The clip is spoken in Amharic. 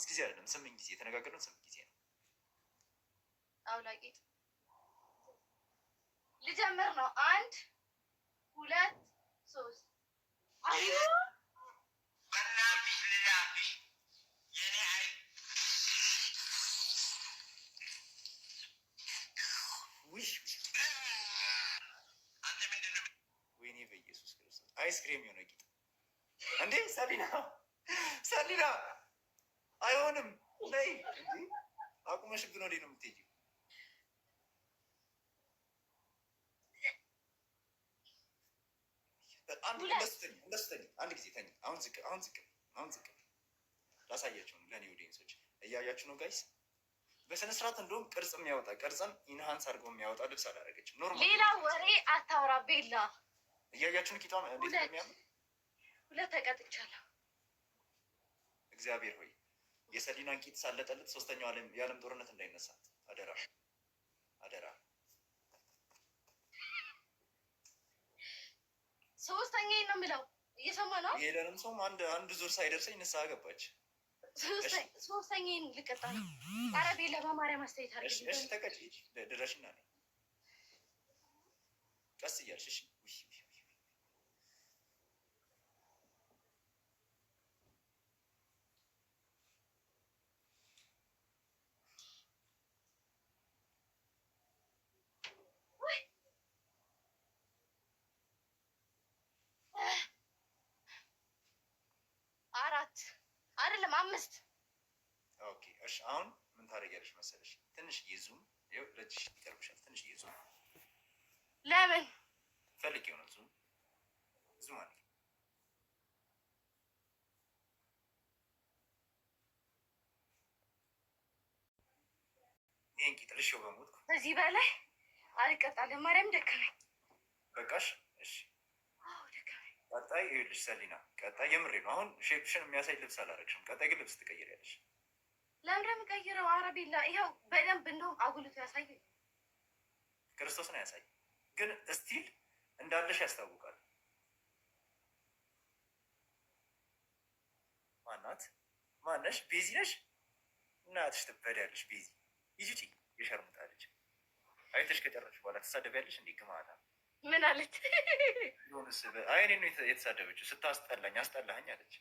አምስት ጊዜ አይደለም፣ ስምንት ጊዜ የተነጋገርነው ስምንት ጊዜ ነው። አውላቂ ልጀምር ነው። አንድ ሁለት ሶስት አዩ ወይኔ በኢየሱስ ክርስቶስ አይስክሬም የሆነ ጌጥ እንዴ! ሰሊና ሰሊና አይሆንም። ነይ አቁመሽ ግን ወዴት ነው የምትሄጂው? አንድ ጊዜ ተኝ። አሁን ዝቅ፣ አሁን ዝቅ፣ አሁን ዝቅ። ላሳያቸው ነው ለእኔ ኦዲየንሶች፣ እያያችሁ ነው ጋይስ። በስነ ስርዓት እንደውም ቅርጽ የሚያወጣ ቅርጽም ኢንሃንስ አድርጎ የሚያወጣ ልብስ አላደረገችም። ኖርማል ሌላ ወሬ አታውራ ቤላ። እያያችሁ ነው ቂጧ እንዴት እንደሚያምር። ሁለት ተቀጥቻለሁ። እግዚአብሔር ሆይ የሰሊናን ቂጥ ሳለጠልጥ ሶስተኛው የዓለም ጦርነት እንዳይነሳ አደራ አደራ። ሶስተኛ ነው የምለው እየሰማ ነው። የሄደንም ሰውም አንድ አንድ ዙር ሳይደርሰኝ ንሳ ገባች። ሶስተኛን ልቀጣ ነው። ኧረ ቤላ በማርያም አስተያየት አለ። እሺ ተቀጭ ድረሽና ቀስ እያልሽ እሺ አይደለም አምስት። ኦኬ እሺ፣ አሁን ምን ታደርጊያለሽ መሰለሽ? ትንሽ ይዙም ዙም ረጅሽ ይቀርብሻል። ትንሽ ይዙም ለምን ፈልግ የሆነ ዙም ዙም አለ ይህን ቂጥልሽ በሞት ከዚህ በላይ አልቀጣልም። ማርያም ደከመኝ። በቃሽ። እሺ ቀጣይ ይኸውልሽ ሰሊና፣ ቀጣይ የምሬ ነው። አሁን ሼፕሽን የሚያሳይ ልብስ አላረግሽም። ቀጣይ ግን ልብስ ትቀይሪያለሽ። ለምን የምቀይረው? አረቢላ ይኸው በደንብ እንደውም አጉልቶ ያሳይ ክርስቶስን ያሳይ። ግን እስቲል እንዳለሽ ያስታውቃል። ማናት ማነሽ? ቤዚ ነሽ። እናትሽ ትበዳያለሽ። ቤዚ ይጅጭ የሸርሙጣ አይተሽ ከጨረሽ በኋላ ትሳደቢያለሽ። እንዲ ግማታ ምን አለች? አይ ነው የተሳደበችው። ስታስጠላኝ አስጠላኝ አለች።